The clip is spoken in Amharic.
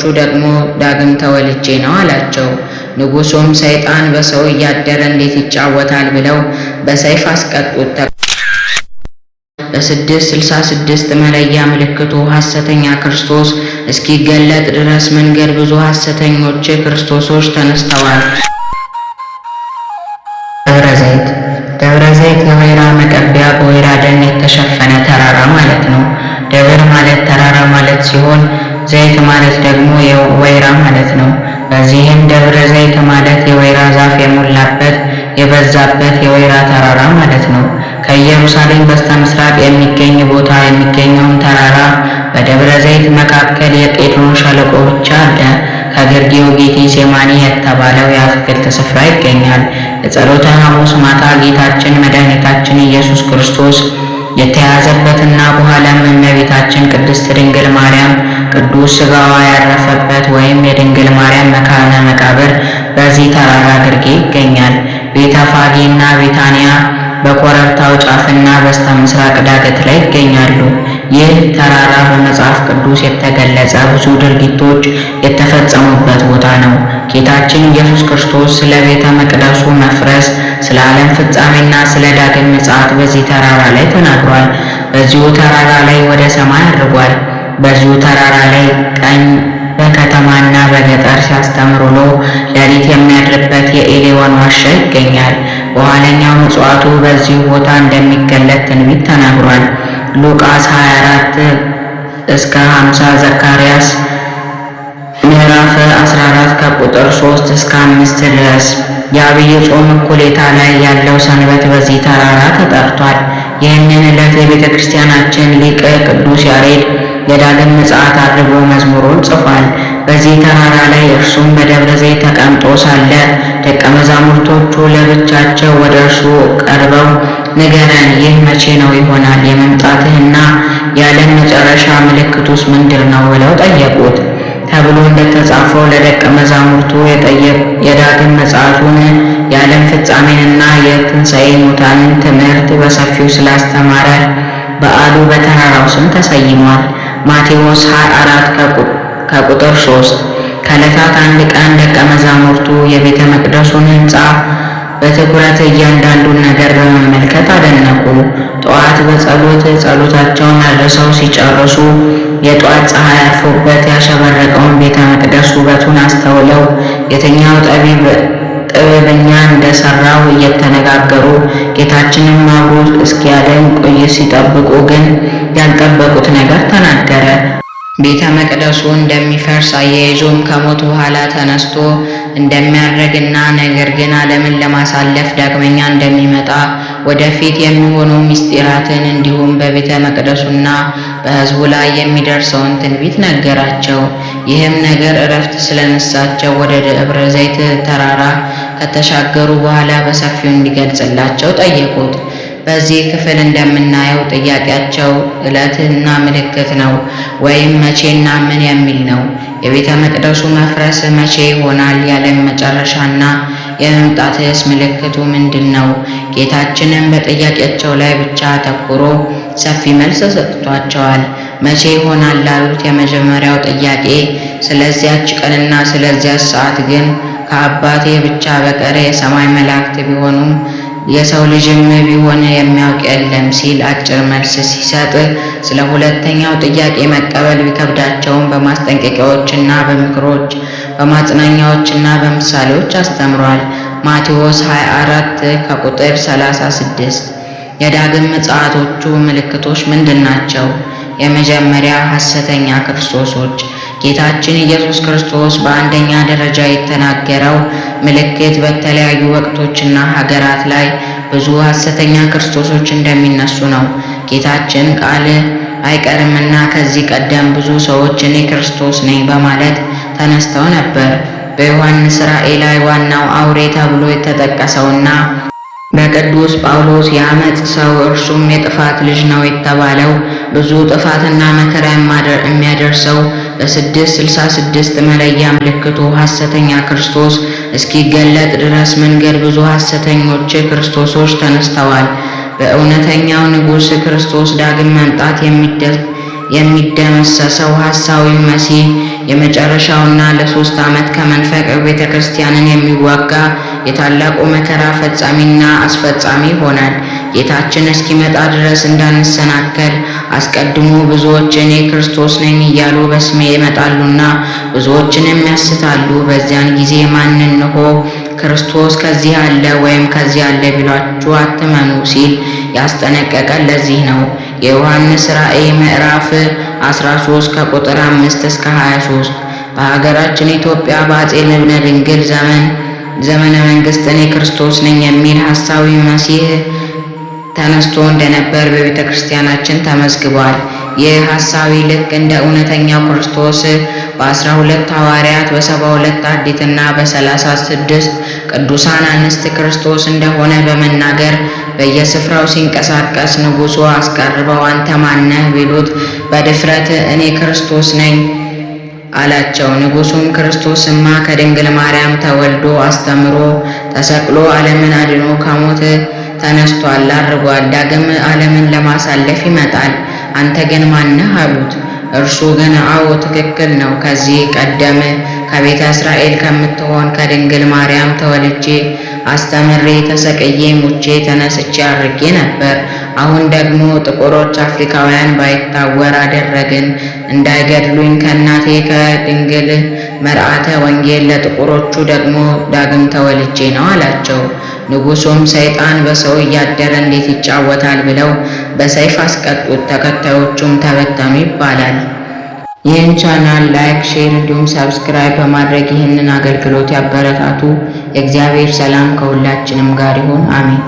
ቹ ደግሞ ዳግም ተወልጄ ነው አላቸው። ንጉሱም ሰይጣን በሰው እያደረ እንዴት ይጫወታል ብለው በሰይፍ አስቀጡት። በስድስት ስልሳ ስድስት መለያ ምልክቱ ሐሰተኛ ክርስቶስ እስኪገለጥ ድረስ መንገድ ብዙ ሐሰተኞች ክርስቶሶች ተነስተዋል። ደብረ ዘይት ደብረ ዘይት የወይራ መቀቢያ በወይራ ደን የተሸፈነ ተራራ ማለት ነው። ደብር ማለት ተራራ ማለት ሲሆን ዘይት ማለት ደግሞ ወይራ ማለት ነው። በዚህም ደብረ ዘይት ማለት የወይራ ዛፍ የሞላበት የበዛበት የወይራ ተራራ ማለት ነው። ከኢየሩሳሌም በስተ ምስራቅ የሚገኝ ቦታ የሚገኘውን ተራራ በደብረ ዘይት መካከል የቄድሮን ሸለቆ ብቻ አለ። ከግርጌው ጌቴ ሴማኒ የተባለው የአትክልት ስፍራ ይገኛል። የጸሎተ ሐሙስ ማታ ጌታችን መድኃኒታችን ኢየሱስ ክርስቶስ የተያዘበትና በኋላም እመቤታችን ቅድስት ድንግል ማርያም ቅዱስ ሥጋዋ ያረፈበት ወይም የድንግል ማርያም መካነ መቃብር በዚህ ተራራ ግርጌ ይገኛል። ቤተ ፋጌና ቤታንያ በኮረብታው ጫፍና በስተ ምስራቅ ዳገት ላይ ይገኛሉ። ይህ ተራራ በመጽሐፍ ቅዱስ የተገለጸ ብዙ ድርጊቶች የተፈጸሙበት ቦታ ነው። ጌታችን ኢየሱስ ክርስቶስ ስለ ቤተ መቅደሱ መፍረስ፣ ስለ ዓለም ፍጻሜና ስለ ዳግም ምጽአት በዚህ ተራራ ላይ ተናግሯል። በዚሁ ተራራ ላይ ወደ ሰማይ አድርጓል። በዚሁ ተራራ ላይ ቀኝ በከተማና በገጠር ሲያስተምር ውሎ ሌሊት የሚያድርበት የኤሌዋን ዋሻ ይገኛል። በኋለኛው ምጽዋቱ በዚሁ ቦታ እንደሚገለጥ ትንቢት ተናግሯል። ሉቃስ 24 እስከ 50፣ ዘካርያስ ምዕራፍ 14 ከቁጥር 3 እስከ 5 ድረስ። የአብይ ጾም እኩሌታ ላይ ያለው ሰንበት በዚህ ተራራ ተጠርቷል። ይህንን ዕለት የቤተ ክርስቲያናችን ሊቀ ቅዱስ ያሬድ የዳግም ምጽአት አድርጎ መዝሙሩን ጽፏል። በዚህ ተራራ ላይ እርሱም በደብረ ዘይት ተቀምጦ ሳለ ደቀ መዛሙርቶቹ ለብቻቸው ወደ እርሱ ቀርበው ንገረን፣ ይህ መቼ ነው ይሆናል? የመምጣትህና የዓለም መጨረሻ ምልክቱስ ምንድር ነው ብለው ጠየቁት ተብሎ እንደተጻፈው ለደቀ መዛሙርቱ የዳግም ምጽአቱን የዓለም ፍጻሜንና የትንሣኤ ሙታንን ትምህርት በሰፊው ስላስተማረ በዓሉ በተራራው ስም ተሰይሟል። ማቴዎስ 24 ከቁጥር 3 ከዕለታት አንድ ቀን ደቀ መዛሙርቱ የቤተ መቅደሱን ሕንፃ በትኩረት እያንዳንዱን ነገር በመመልከት አደነቁ። ጠዋት በጸሎት ጸሎታቸውን አድርሰው ሲጨርሱ የጧት ፀሐይ አርፎበት ያሸበረቀውን ቤተ መቅደስ ውበቱን አስተውለው የትኛው ጠቢብ ጥበበኛ እንደሰራው እየተነጋገሩ ጌታችንም አብሮ እስኪያደን ቆይ ሲጠብቁ ግን ያልጠበቁት ነገር ተናገሩ። ተናገረ። ቤተ መቅደሱ እንደሚፈርስ አያይዞም ከሞት በኋላ ተነስቶ እንደሚያድርግና ነገር ግን ዓለምን ለማሳለፍ ዳግመኛ እንደሚመጣ ወደፊት የሚሆኑ ምስጢራትን እንዲሁም በቤተ መቅደሱና በሕዝቡ ላይ የሚደርሰውን ትንቢት ነገራቸው። ይህም ነገር እረፍት ስለነሳቸው ወደ ደብረ ዘይት ተራራ ከተሻገሩ በኋላ በሰፊው እንዲገልጽላቸው ጠየቁት። በዚህ ክፍል እንደምናየው ጥያቄያቸው ዕለትና ምልክት ነው ወይም መቼና ምን የሚል ነው። የቤተ መቅደሱ መፍረስ መቼ ይሆናል? የዓለም መጨረሻና የመምጣትስ ምልክቱ ምንድን ነው? ጌታችንም በጥያቄያቸው ላይ ብቻ አተኩሮ ሰፊ መልስ ሰጥቷቸዋል። መቼ ይሆናል ላሉት የመጀመሪያው ጥያቄ ስለዚያች ቀንና ስለዚያች ሰዓት ግን ከአባቴ ብቻ በቀር የሰማይ መላእክት ቢሆኑም የሰው ልጅም ቢሆን የሚያውቅ የለም ሲል አጭር መልስ ሲሰጥ ስለ ሁለተኛው ጥያቄ መቀበል ቢከብዳቸውም በማስጠንቀቂያዎችና በምክሮች በማጽናኛዎችና በምሳሌዎች አስተምሯል። ማቴዎስ 24 ከቁጥር 36 የዳግም ምጽአቶቹ ምልክቶች ምንድን ናቸው? የመጀመሪያ ሐሰተኛ ክርስቶሶች ጌታችን ኢየሱስ ክርስቶስ በአንደኛ ደረጃ የተናገረው ምልክት በተለያዩ ወቅቶችና ሀገራት ላይ ብዙ ሐሰተኛ ክርስቶሶች እንደሚነሱ ነው። ጌታችን ቃል አይቀርምና ከዚህ ቀደም ብዙ ሰዎች እኔ ክርስቶስ ነኝ በማለት ተነስተው ነበር። በዮሐንስ ራእይ ላይ ዋናው አውሬ ተብሎ የተጠቀሰውና በቅዱስ ጳውሎስ የአመፅ ሰው እርሱም የጥፋት ልጅ ነው የተባለው ብዙ ጥፋትና መከራ የሚያደርሰው በ666 መለያ ምልክቱ ሐሰተኛ ክርስቶስ እስኪገለጥ ድረስ መንገድ ብዙ ሐሰተኞች ክርስቶሶች ተነስተዋል። በእውነተኛው ንጉሥ ክርስቶስ ዳግም መምጣት የሚደመሰሰው ሐሳዊ መሲህ የመጨረሻውና ለሶስት ዓመት ከመንፈቅ ቤተ ክርስቲያንን የሚዋጋ የታላቁ መከራ ፈጻሚና አስፈጻሚ ይሆናል። ጌታችን እስኪመጣ ድረስ እንዳንሰናከል አስቀድሞ ብዙዎች እኔ ክርስቶስ ነኝ እያሉ በስሜ ይመጣሉና ብዙዎችንም ያስታሉ። በዚያን ጊዜ ማን እንሆ ክርስቶስ ከዚህ አለ ወይም ከዚህ አለ ቢሏችሁ አትመኑ ሲል ያስጠነቀቀን ለዚህ ነው። የዮሐንስ ራእይ ምዕራፍ 13 ከቁጥር 5 እስከ 23። በሀገራችን ኢትዮጵያ በአጼ ልብነ ድንግል ዘመን ዘመነ መንግስት እኔ ክርስቶስ ነኝ የሚል ሐሳዊ መሲህ ተነስቶ እንደነበር በቤተ ክርስቲያናችን ተመዝግቧል። ይህ ሐሳቢ ልክ እንደ እውነተኛው ክርስቶስ በአስራ ሁለት ሐዋርያት በሰባ ሁለት አዲትና በሰላሳ ስድስት ቅዱሳን አንስት ክርስቶስ እንደሆነ በመናገር በየስፍራው ሲንቀሳቀስ ንጉሡ አስቀርበው አንተ ማነህ ቢሉት በድፍረት እኔ ክርስቶስ ነኝ አላቸው። ንጉሡም ክርስቶስማ ከድንግል ማርያም ተወልዶ አስተምሮ ተሰቅሎ ዓለምን አድኖ ከሞት ተነስቷል፣ አርጓል ዳግም ዓለምን ለማሳለፍ ይመጣል። አንተ ግን ማነህ አሉት። እርሱ ግን አዎ ትክክል ነው፣ ከዚህ ቀደም ከቤተ እስራኤል ከምትሆን ከድንግል ማርያም ተወልጄ አስተምሬ ተሰቅዬ ሙቼ ተነስቼ አድርጌ ነበር። አሁን ደግሞ ጥቁሮች አፍሪካውያን ባይታወር አደረግን። እንዳይገድሉኝ ከእናቴ ከድንግል መርዓተ ወንጌል ለጥቁሮቹ ደግሞ ዳግም ተወልጄ ነው አላቸው። ንጉሱም ሰይጣን በሰው እያደረ እንዴት ይጫወታል ብለው በሰይፍ አስቀጡት። ተከታዮቹም ተበተኑ ይባላል። ይህን ቻናል ላይክ፣ ሼር እንዲሁም ሰብስክራይብ በማድረግ ይህንን አገልግሎት ያበረታቱ። የእግዚአብሔር ሰላም ከሁላችንም ጋር ይሁን። አሜን።